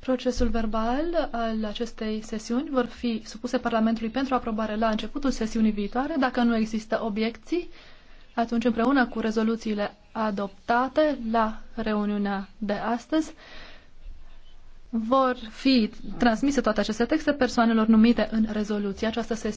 Procesul verbal al acestei sesiuni vor fi supuse Parlamentului pentru aprobare la începutul sesiunii viitoare. Dacă nu există obiecții, atunci împreună cu rezoluțiile adoptate la reuniunea de astăzi, vor fi transmise toate aceste texte persoanelor numite în rezoluție. Această sesiune